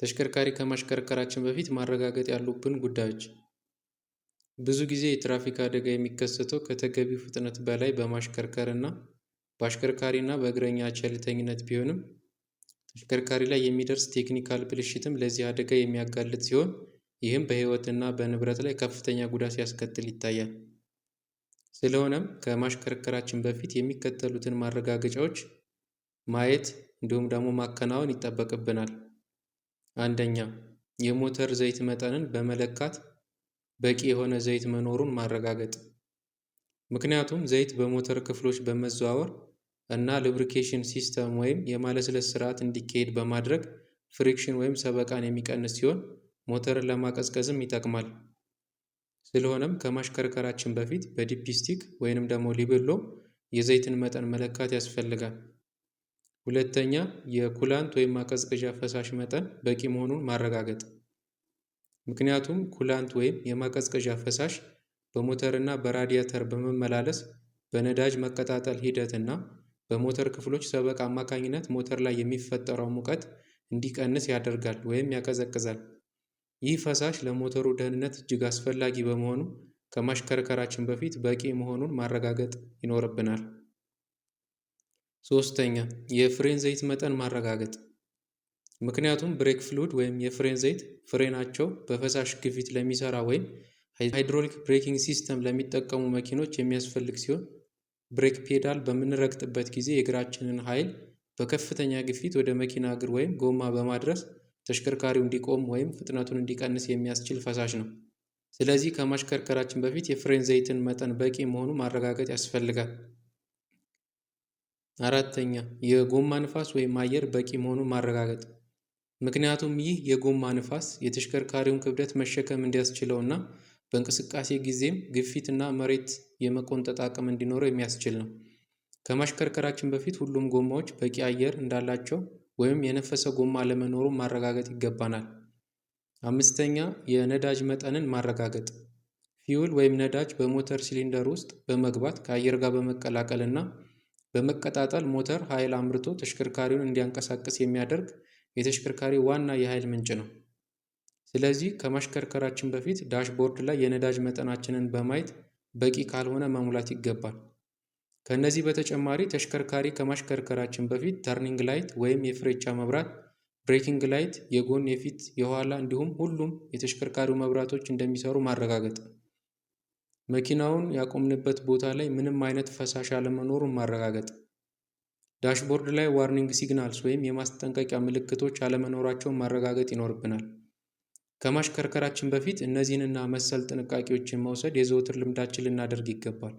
ተሽከርካሪ ከማሽከርከራችን በፊት ማረጋገጥ ያሉብን ጉዳዮች ብዙ ጊዜ የትራፊክ አደጋ የሚከሰተው ከተገቢው ፍጥነት በላይ በማሽከርከር እና በአሽከርካሪ እና በእግረኛ ቸልተኝነት ቢሆንም ተሽከርካሪ ላይ የሚደርስ ቴክኒካል ብልሽትም ለዚህ አደጋ የሚያጋልጥ ሲሆን ይህም በሕይወት እና በንብረት ላይ ከፍተኛ ጉዳት ሲያስከትል ይታያል። ስለሆነም ከማሽከርከራችን በፊት የሚከተሉትን ማረጋገጫዎች ማየት እንዲሁም ደግሞ ማከናወን ይጠበቅብናል። አንደኛ የሞተር ዘይት መጠንን በመለካት በቂ የሆነ ዘይት መኖሩን ማረጋገጥ። ምክንያቱም ዘይት በሞተር ክፍሎች በመዘዋወር እና ሉብሪኬሽን ሲስተም ወይም የማለስለስ ስርዓት እንዲካሄድ በማድረግ ፍሪክሽን ወይም ሰበቃን የሚቀንስ ሲሆን ሞተርን ለማቀዝቀዝም ይጠቅማል። ስለሆነም ከማሽከርከራችን በፊት በዲፕስቲክ ወይንም ደግሞ ሊብሎ የዘይትን መጠን መለካት ያስፈልጋል። ሁለተኛ የኩላንት ወይም ማቀዝቀዣ ፈሳሽ መጠን በቂ መሆኑን ማረጋገጥ። ምክንያቱም ኩላንት ወይም የማቀዝቀዣ ፈሳሽ በሞተርና በራዲያተር በመመላለስ በነዳጅ መቀጣጠል ሂደት እና በሞተር ክፍሎች ሰበቅ አማካኝነት ሞተር ላይ የሚፈጠረው ሙቀት እንዲቀንስ ያደርጋል ወይም ያቀዘቅዛል። ይህ ፈሳሽ ለሞተሩ ደህንነት እጅግ አስፈላጊ በመሆኑ ከማሽከርከራችን በፊት በቂ መሆኑን ማረጋገጥ ይኖርብናል። ሶስተኛ የፍሬን ዘይት መጠን ማረጋገጥ ምክንያቱም ብሬክ ፍሉድ ወይም የፍሬን ዘይት ፍሬናቸው በፈሳሽ ግፊት ለሚሰራ ወይም ሃይድሮሊክ ብሬኪንግ ሲስተም ለሚጠቀሙ መኪኖች የሚያስፈልግ ሲሆን ብሬክ ፔዳል በምንረግጥበት ጊዜ የእግራችንን ኃይል በከፍተኛ ግፊት ወደ መኪና እግር ወይም ጎማ በማድረስ ተሽከርካሪው እንዲቆም ወይም ፍጥነቱን እንዲቀንስ የሚያስችል ፈሳሽ ነው። ስለዚህ ከማሽከርከራችን በፊት የፍሬን ዘይትን መጠን በቂ መሆኑ ማረጋገጥ ያስፈልጋል። አራተኛ የጎማ ንፋስ ወይም አየር በቂ መሆኑን ማረጋገጥ። ምክንያቱም ይህ የጎማ ንፋስ የተሽከርካሪውን ክብደት መሸከም እንዲያስችለው እና በእንቅስቃሴ ጊዜም ግፊት እና መሬት የመቆንጠጥ አቅም እንዲኖረው የሚያስችል ነው። ከማሽከርከራችን በፊት ሁሉም ጎማዎች በቂ አየር እንዳላቸው ወይም የነፈሰ ጎማ ለመኖሩ ማረጋገጥ ይገባናል። አምስተኛ የነዳጅ መጠንን ማረጋገጥ። ፊውል ወይም ነዳጅ በሞተር ሲሊንደር ውስጥ በመግባት ከአየር ጋር በመቀላቀል እና በመቀጣጠል ሞተር ኃይል አምርቶ ተሽከርካሪውን እንዲያንቀሳቅስ የሚያደርግ የተሽከርካሪ ዋና የኃይል ምንጭ ነው። ስለዚህ ከማሽከርከራችን በፊት ዳሽቦርድ ላይ የነዳጅ መጠናችንን በማየት በቂ ካልሆነ መሙላት ይገባል። ከነዚህ በተጨማሪ ተሽከርካሪ ከማሽከርከራችን በፊት ተርኒንግ ላይት ወይም የፍሬቻ መብራት፣ ብሬኪንግ ላይት፣ የጎን የፊት፣ የኋላ እንዲሁም ሁሉም የተሽከርካሪው መብራቶች እንደሚሰሩ ማረጋገጥ መኪናውን ያቆምንበት ቦታ ላይ ምንም አይነት ፈሳሽ አለመኖሩን ማረጋገጥ። ዳሽቦርድ ላይ ዋርኒንግ ሲግናልስ ወይም የማስጠንቀቂያ ምልክቶች አለመኖራቸውን ማረጋገጥ ይኖርብናል። ከማሽከርከራችን በፊት እነዚህንና መሰል ጥንቃቄዎችን መውሰድ የዘወትር ልምዳችን ልናደርግ ይገባል